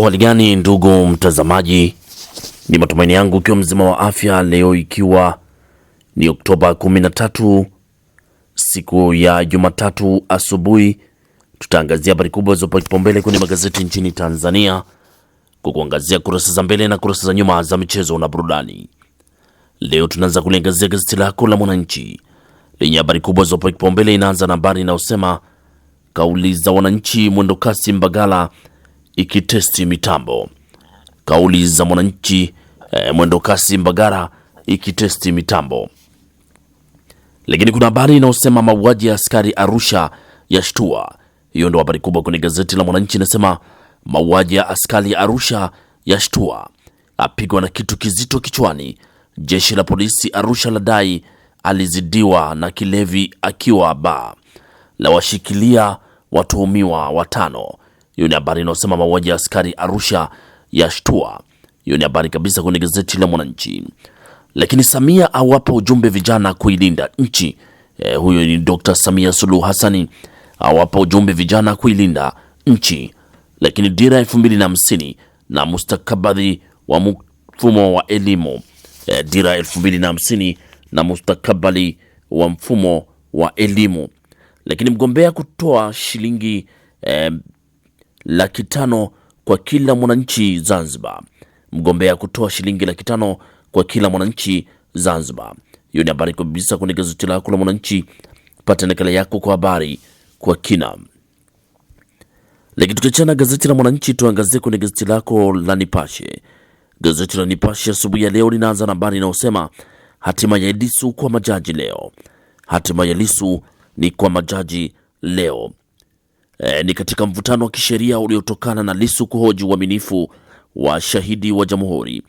Uhali gani ndugu mtazamaji, ni matumaini yangu ukiwa mzima wa afya leo, ikiwa ni Oktoba 13 siku ya Jumatatu asubuhi, tutaangazia habari kubwa zilizopewa kipaumbele kwenye magazeti nchini Tanzania kwa kuangazia kurasa za mbele na kurasa za nyuma za michezo na burudani. Leo tunaanza kuliangazia gazeti lako la Mwananchi lenye habari kubwa zilizopewa kipaumbele. Inaanza na habari inayosema kauli za wananchi, mwendokasi Mbagala ikitesti mitambo. Kauli za Mwananchi, e, eh, mwendokasi Mbagara ikitesti mitambo. Lakini kuna habari inayosema mauaji ya askari Arusha yashtua. Hiyo ndio habari kubwa kwenye gazeti la Mwananchi, inasema mauaji ya askari Arusha yashtua, apigwa na kitu kizito kichwani. Jeshi la polisi Arusha ladai alizidiwa na kilevi akiwa ba la washikilia watuhumiwa watano. Hiyo ni habari inayosema mauaji ya askari Arusha yashtua. Hiyo ni habari kabisa kwenye gazeti la Mwananchi. Lakini Samia awapa ujumbe vijana kuilinda nchi. E, huyo ni Dr. Samia Suluhu Hassani awapa ujumbe vijana kuilinda nchi. Lakini dira na na mustakabali wa mfumo wa elimu. E, dira na na mustakabali wa mfumo wa elimu. Lakini mgombea kutoa shilingi e, laki tano kwa kila mwananchi Zanzibar. Mgombea kutoa shilingi laki tano kwa kila mwananchi Zanzibar. Hiyo ni habari kabisa kwenye gazeti lako la Mwananchi. Pata nakala yako kwa habari kwa kina. Lakini tukiachana gazeti la Mwananchi, tuangazie kwenye gazeti lako la Nipashe. Gazeti la Nipashe asubuhi ya leo linaanza na habari inayosema hatima ya Lissu kwa majaji leo. Hatima ya Lissu ni kwa majaji leo. E, ni katika mvutano wa kisheria uliotokana na lisu kuhoji uaminifu wa shahidi wa jamhuri,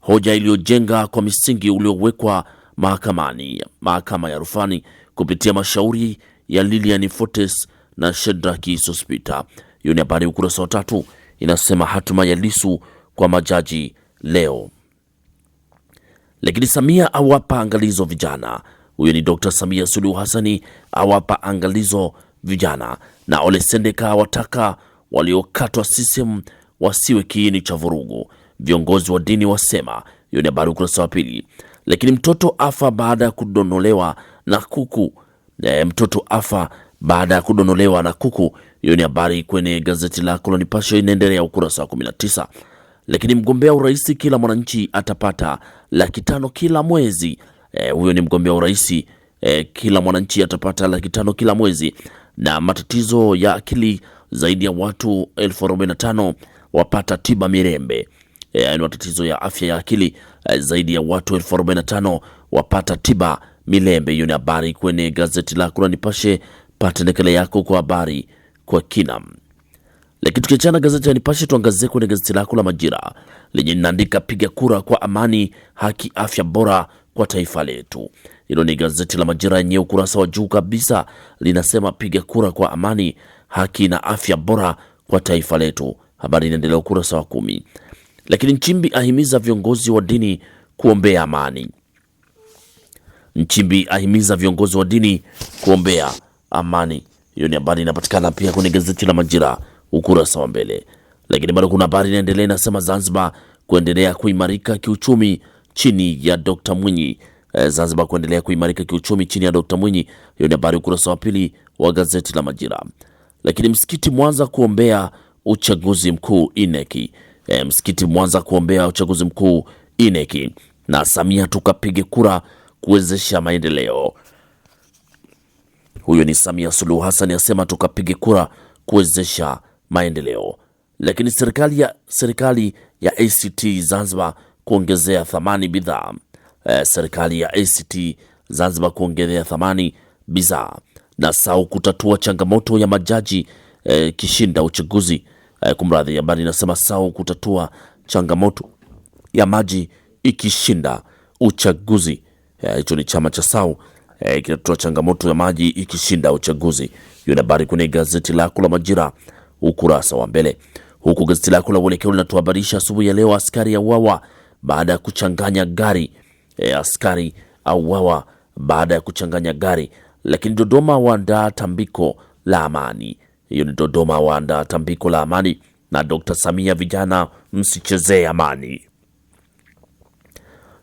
hoja iliyojenga kwa misingi uliowekwa mahakamani, mahakama ya rufani kupitia mashauri ya Lilian Fortes na Shedraki Sospita. Hiyo ni habari ukurasa wa tatu, inasema hatima ya lisu kwa majaji leo. Lakini Samia awapa angalizo vijana. Huyo ni Dr. Samia Suluhu Hassani awapa angalizo vijana na Ole Sendeka wataka waliokatwa sisem wasiwe kiini cha vurugu. Viongozi wa dini wasema. Hiyo ni habari ukurasa wa pili. Lakini mtoto afa baada ya kudonolewa na kuku. E, mtoto afa baada ya kudonolewa na kuku. Hiyo ni habari kwenye gazeti lako la Nipashe, inaendelea ukurasa wa 19. Lakini mgombea urais kila mwananchi atapata laki tano kila mwezi. E, huyo E, ni mgombea urais e, kila mwananchi atapata laki tano kila mwezi na matatizo ya akili zaidi ya watu elfu arobaini na tano wapata tiba Mirembe. E, matatizo ya afya ya akili eh, zaidi ya watu elfu arobaini na tano wapata tiba Mirembe. Hiyo ni habari kwenye gazeti lako la Nipashe. Pata nakala yako kwa habari kwa kina. Lakini tukiachana gazeti la Nipashe, tuangazie kwenye gazeti lako la Majira lenye linaandika piga kura kwa amani, haki, afya bora kwa taifa letu. Hilo ni gazeti la Majira yenye ukurasa wa juu kabisa, linasema piga kura kwa amani, haki na afya bora kwa taifa letu. Habari inaendelea ukurasa wa kumi. Lakini Nchimbi ahimiza viongozi wa dini kuombea amani. Nchimbi ahimiza viongozi wa dini kuombea amani. Hiyo ni habari inapatikana pia kwenye gazeti la Majira ukurasa wa mbele, lakini bado kuna habari inaendelea inasema, Zanzibar kuendelea kuimarika kiuchumi chini ya Dr Mwinyi. Eh, Zanzibar kuendelea kuimarika kiuchumi chini ya Dr. Mwinyi. Hiyo ni habari ukurasa wa pili wa gazeti la Majira. Lakini msikiti Mwanza kuombea uchaguzi mkuu ineki. E, eh, msikiti Mwanza kuombea uchaguzi mkuu ineki. E Na Samia tukapige kura kuwezesha maendeleo. Huyo ni Samia Suluhu Hassan asema tukapige kura kuwezesha maendeleo. Lakini serikali ya, serikali ya ACT Zanzibar kuongezea thamani bidhaa eh, serikali ya ACT Zanzibar kuongezea thamani bidhaa na sau kutatua changamoto ya majaji eh, kishinda uchaguzi eh, kumradhi, habari inasema sau kutatua changamoto ya maji ikishinda uchaguzi. Eh, hicho eh, ni chama cha sau eh, kinatoa changamoto ya maji ikishinda uchaguzi. Hiyo ni habari kwenye gazeti lako la Majira ukurasa wa mbele, huku gazeti lako la Uelekeo linatuhabarisha asubuhi ya leo, askari ya wawa baada ya kuchanganya gari e, askari auawa baada ya kuchanganya gari. Lakini Dodoma waandaa tambiko la amani. Hiyo ni Dodoma waandaa tambiko la amani, na Dr. Samia, vijana msichezee amani.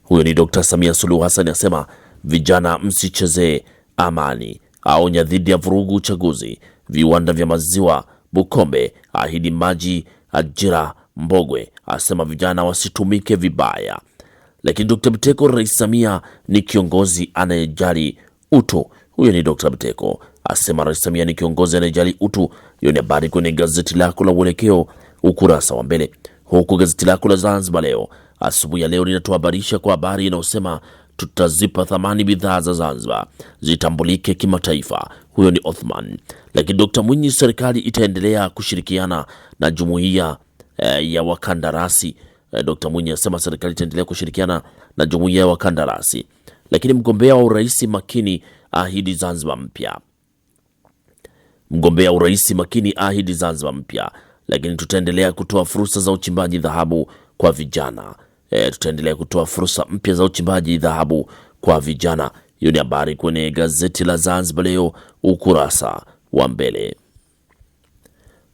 Huyo ni Dr. Samia Suluhu Hassan asema vijana msichezee amani, aonya dhidi ya vurugu uchaguzi. Viwanda vya maziwa Bukombe ahidi maji, ajira Mbogwe asema vijana wasitumike vibaya lakini Dr. Mteko, Rais Samia ni kiongozi anayejali utu. Huyo ni Dr. Mteko asema Rais Samia ni kiongozi anayejali utu. Hiyo ni habari kwenye gazeti lako la Uelekeo ukurasa wa mbele, huku gazeti lako la Zanzibar Leo asubuhi ya leo linatuhabarisha kwa habari inayosema tutazipa thamani bidhaa za Zanzibar zitambulike kimataifa. Huyo ni Othman. Lakini Dr. Mwinyi, serikali itaendelea kushirikiana na jumuiya eh, ya wakandarasi Eh, d Mwinyi asema serikali itaendelea kushirikiana na jumuiya ya wakandarasi. Lakini mgombea wa urais Makini ahidi Zanzibar mpya. Mgombea urais Makini ahidi Zanzibar mpya. Lakini tutaendelea kutoa fursa za uchimbaji dhahabu kwa vijana. E, tutaendelea kutoa fursa mpya za uchimbaji dhahabu kwa vijana. Hiyo ni habari kwenye gazeti la Zanzibar leo ukurasa wa mbele.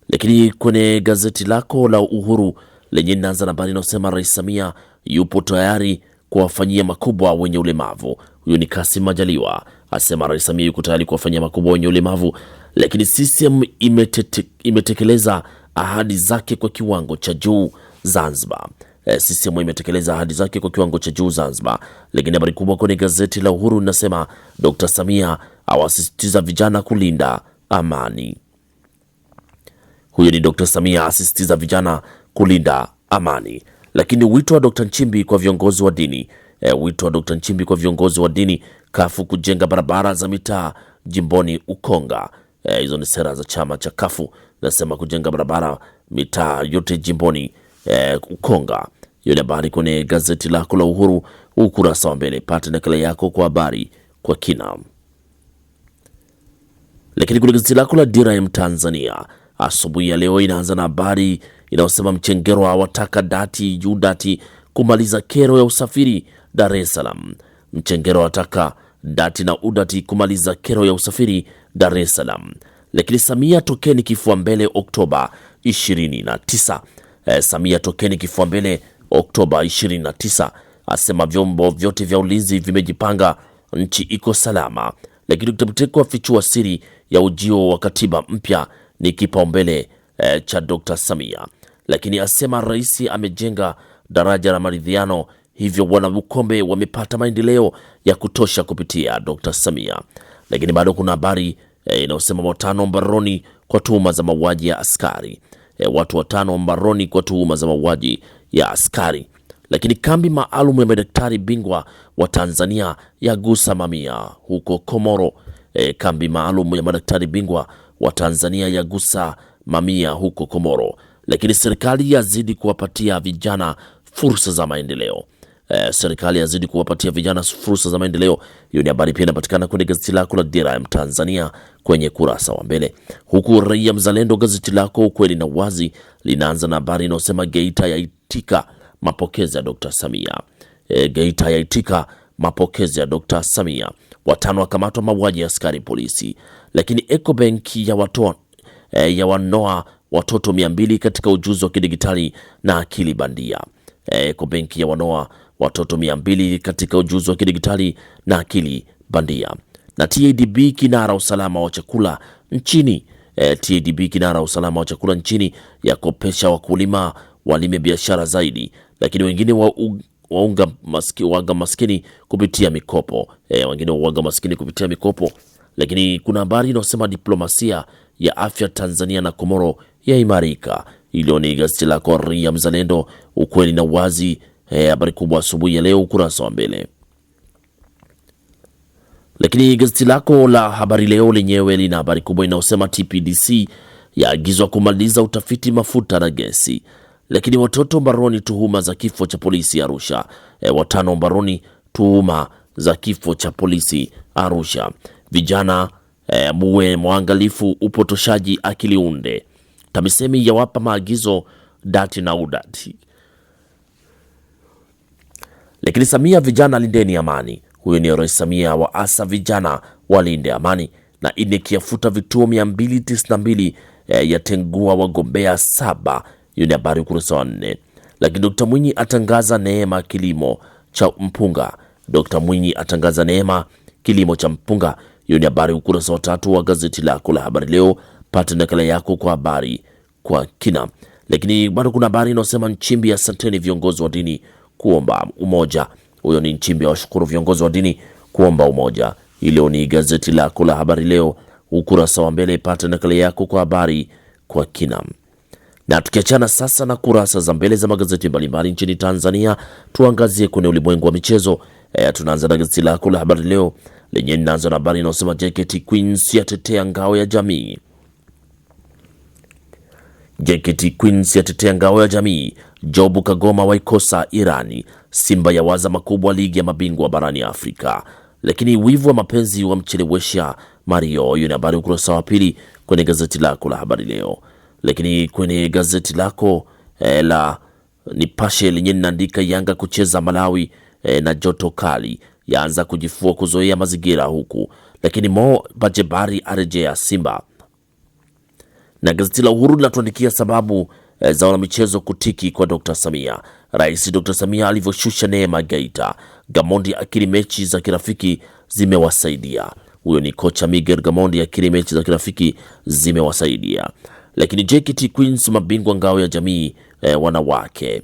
Lakini kwenye gazeti lako la Uhuru lenye inaanza na habari inayosema Rais Samia yupo tayari kuwafanyia makubwa wenye ulemavu. Huyu ni Kasim Majaliwa asema Rais Samia yuko tayari kuwafanyia makubwa wenye ulemavu, lakini CCM imetete, imetekeleza ahadi zake kwa kiwango cha juu Zanzibar. E, eh, CCM imetekeleza ahadi zake kwa kiwango cha juu Zanzibar. Lakini habari kubwa kwenye gazeti la Uhuru inasema Dr. Samia awasisitiza vijana kulinda amani. Huyo ni Dr. Samia asisitiza vijana kulinda amani. Lakini wito wa Dr. Nchimbi kwa viongozi wa dini e, wito wa Dr. Nchimbi kwa viongozi wa dini kafu kujenga barabara za mitaa jimboni Ukonga. Eh, hizo e, ni sera za chama cha kafu nasema kujenga barabara mitaa yote jimboni e, Ukonga. Hiyo ni habari kwenye gazeti lako la Uhuru ukurasa wa mbele. Pata nakala yako kwa habari kwa kina. Lakini kwenye gazeti lako la Dira ya Mtanzania asubuhi ya leo inaanza na habari inayosema Mchengerwa hawataka dati juu dati kumaliza kero ya usafiri Dar es Salaam. Mchengerwa wataka dati na udati kumaliza kero ya usafiri Dar es Salaam. Lakini Samia tokeni kifua mbele Oktoba 29. E, eh, Samia tokeni kifua mbele Oktoba 29, asema vyombo vyote vya ulinzi vimejipanga, nchi iko salama. Lakini Dkt. Mteko afichua siri ya ujio wa katiba mpya ni kipaumbele eh, cha Dr. Samia lakini asema rais amejenga daraja la maridhiano, hivyo wana wamepata maendeleo ya kutosha kupitia Dr. Samia. Lakini bado kuna habari eh, inayosema watano mbaroni kwa tuhuma za mauaji ya askari. E, watu watano mbaroni kwa tuhuma za mauaji ya askari. Lakini kambi maalum ya madaktari bingwa wa Tanzania yagusa mamia huko Komoro. E, kambi maalum ya madaktari bingwa wa Tanzania yagusa mamia huko Komoro lakini serikali yazidi kuwapatia vijana fursa za maendeleo. E, serikali yazidi kuwapatia vijana fursa za maendeleo. Hiyo ni habari pia inapatikana kwenye gazeti lako la Dira ya Mtanzania kwenye kurasa wa mbele, huku Raia Mzalendo gazeti lako ukweli na uwazi linaanza na habari inayosema Geita yaitika mapokezi ya Dr. Samia. E, Geita yaitika mapokezi ya Dr. Samia, watano wakamatwa mauaji ya askari polisi, lakini Ecobank ya watoa e, ya wanoa watoto 200 katika ujuzi wa kidigitali na akili bandia. Eh, kwa benki ya Wanoa watoto 200 katika ujuzi wa kidigitali na akili bandia. Na TADB kinara usalama wa chakula nchini. E, TADB kinara usalama wa chakula nchini yakopesha wakulima walime biashara zaidi, lakini wengine wa waunga maski, waga maskini kupitia mikopo e, wengine waunga maskini kupitia mikopo. Lakini kuna habari inayosema diplomasia ya afya Tanzania na Komoro yaimarika. Hilo ni gazeti lako Raia Mzalendo, ukweli na uwazi. Eh, habari kubwa asubuhi ya leo, ukurasa wa mbele. Lakini gazeti lako la Habari Leo lenyewe lina habari kubwa inayosema TPDC yaagizwa kumaliza utafiti mafuta na gesi. Lakini watoto mbaroni tuhuma za kifo cha polisi Arusha. E, watano mbaroni tuhuma za kifo cha polisi Arusha. Vijana e, muwe mwangalifu upotoshaji akiliunde unde. TAMISEMI yawapa maagizo dati na udati. Lakini Samia, vijana lindeni amani. Huyo ni Rais Samia wa asa vijana walinde amani. Na ine kiafuta vituo 292 eh, yatengua wagombea saba. Hiyo ni habari ukurasa wa nne. Lakini Dr Mwinyi atangaza neema kilimo cha mpunga. Dr Mwinyi atangaza neema kilimo cha mpunga. Hiyo ni habari ukurasa wa tatu wa gazeti lako la habari leo pata nakala yako kwa habari kwa kina. Lakini bado kuna habari inayosema Nchimbi, asanteni viongozi wa dini kuomba umoja. Huyo ni Nchimbi awashukuru viongozi wa dini kuomba umoja. Hilo ni gazeti lako la Habari Leo ukurasa wa mbele, pata nakala yako kwa habari kwa kina. Na tukiachana sasa na kurasa za mbele za magazeti mbalimbali nchini Tanzania, tuangazie kwenye ulimwengu wa michezo. E, tunaanza na gazeti lako la Habari Leo lenye linaanza na habari inayosema JKT Queens yatetea ngao ya jamii. JKT Queens yatetea ngao ya jamii, Jobu Kagoma waikosa Irani, Simba ya waza makubwa ligi ya mabingwa barani Afrika. Lakini wivu wa mapenzi wa mchelewesha Mario. Hiyo ni habari ukurasa wa pili kwenye gazeti lako la habari leo. Lakini kwenye gazeti lako eh, la Nipashe lenye linaandika Yanga kucheza Malawi eh, na joto kali yaanza kujifua kuzoea mazingira huku, lakini Mo Bajebari arejea Simba na gazeti la Uhuru linatuandikia sababu eh, za wanamichezo kutiki kwa Dr. Samia. Rais Dr. Samia alivyoshusha neema Geita. Gamondi akili mechi za kirafiki zimewasaidia. Huyo ni kocha Miguel Gamondi akili mechi za kirafiki zimewasaidia. Lakini JKT Queens mabingwa ngao ya jamii eh, wanawake.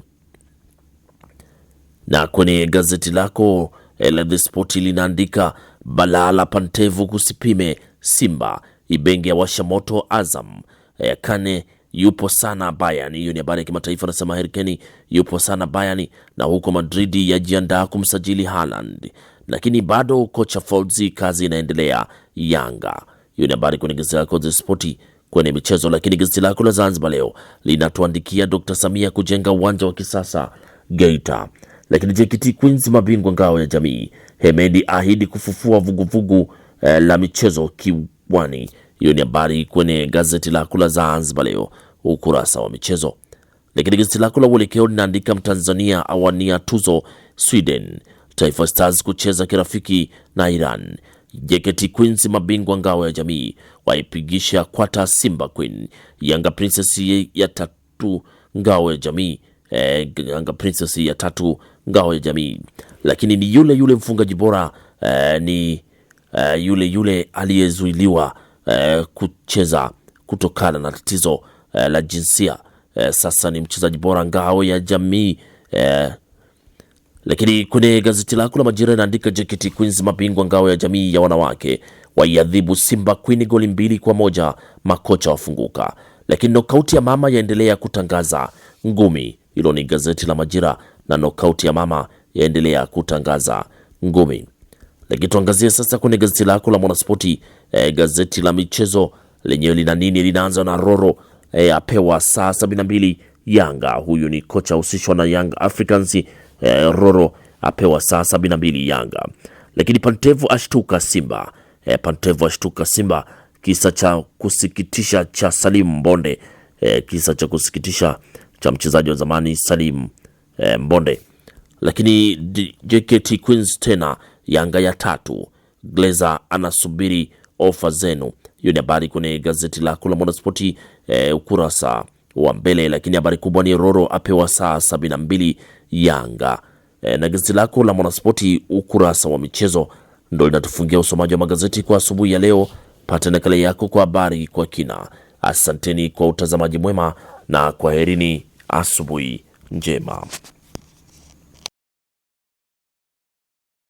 Na kwenye gazeti lako eh, la The Sport linaandika balaa la Pantevu kusipime Simba, Ibenge washa moto Azam eh, Kane yupo sana Bayern. Hiyo ni habari ya kimataifa, anasema Harry Kane yupo sana Bayern, na huko Madrid yajiandaa kumsajili Haaland, lakini bado kocha Folz kazi inaendelea Yanga. Hiyo ni habari kwenye gazeti lako la Spoti kwenye michezo. Lakini gazeti lako la Zanzibar Leo linatuandikia Dr. Samia kujenga uwanja wa kisasa Geita. Lakini JKT Queens mabingwa ngao ya jamii. Hemedi ahidi kufufua vuguvugu vugu, eh, la michezo Kiwani. Hiyo ni habari kwenye gazeti lako la Zanzibar Leo ukurasa wa michezo. Lakini gazeti lako la Uelekeo linaandika Mtanzania awania tuzo Sweden, Taifa Stars kucheza kirafiki na Iran, JKT Queens mabingwa ngao ya jamii waipigisha kwata Simba Queen, Yanga Princess ya tatu ngao ya jamii e, Yanga Princess ya tatu ngao ya jamii. Lakini ni yule yule mfungaji bora e, ni e, yule yule aliyezuiliwa eh, kucheza kutokana na tatizo eh, la jinsia eh, sasa ni mchezaji bora ngao ya jamii eh, lakini kwenye gazeti lako la Majira inaandika JKT Queens mabingwa ngao ya jamii ya wanawake waiadhibu Simba Queen goli mbili kwa moja makocha wafunguka, lakini nokauti ya mama yaendelea kutangaza ngumi. Hilo ni gazeti la Majira na nokauti ya mama yaendelea kutangaza ngumi. Lakini tuangazie sasa kwenye gazeti lako la Mwanaspoti E, gazeti la michezo lenyewe lina nini? Linaanza na Roro e, apewa saa 72 Yanga. Huyu ni kocha ahusishwa na Young Africans e, Roro apewa saa 72 Yanga. Lakini Pantevu ashtuka Simba e, Pantevu ashtuka Simba, kisa cha kusikitisha cha Salim Mbonde e, kisa cha kusikitisha cha mchezaji wa zamani Salim e, Mbonde. Lakini JKT Queens tena Yanga ya tatu. Glazer anasubiri ofa zenu. Hiyo ni habari kwenye gazeti lako la Mwanaspoti eh, ukurasa wa mbele, lakini habari kubwa ni Roro apewa saa 72 Yanga eh, na gazeti lako la Mwanaspoti ukurasa wa michezo ndo linatufungia usomaji wa magazeti kwa asubuhi ya leo. Pata nakala yako kwa habari kwa kina. Asanteni kwa utazamaji mwema na kwaherini, asubuhi njema.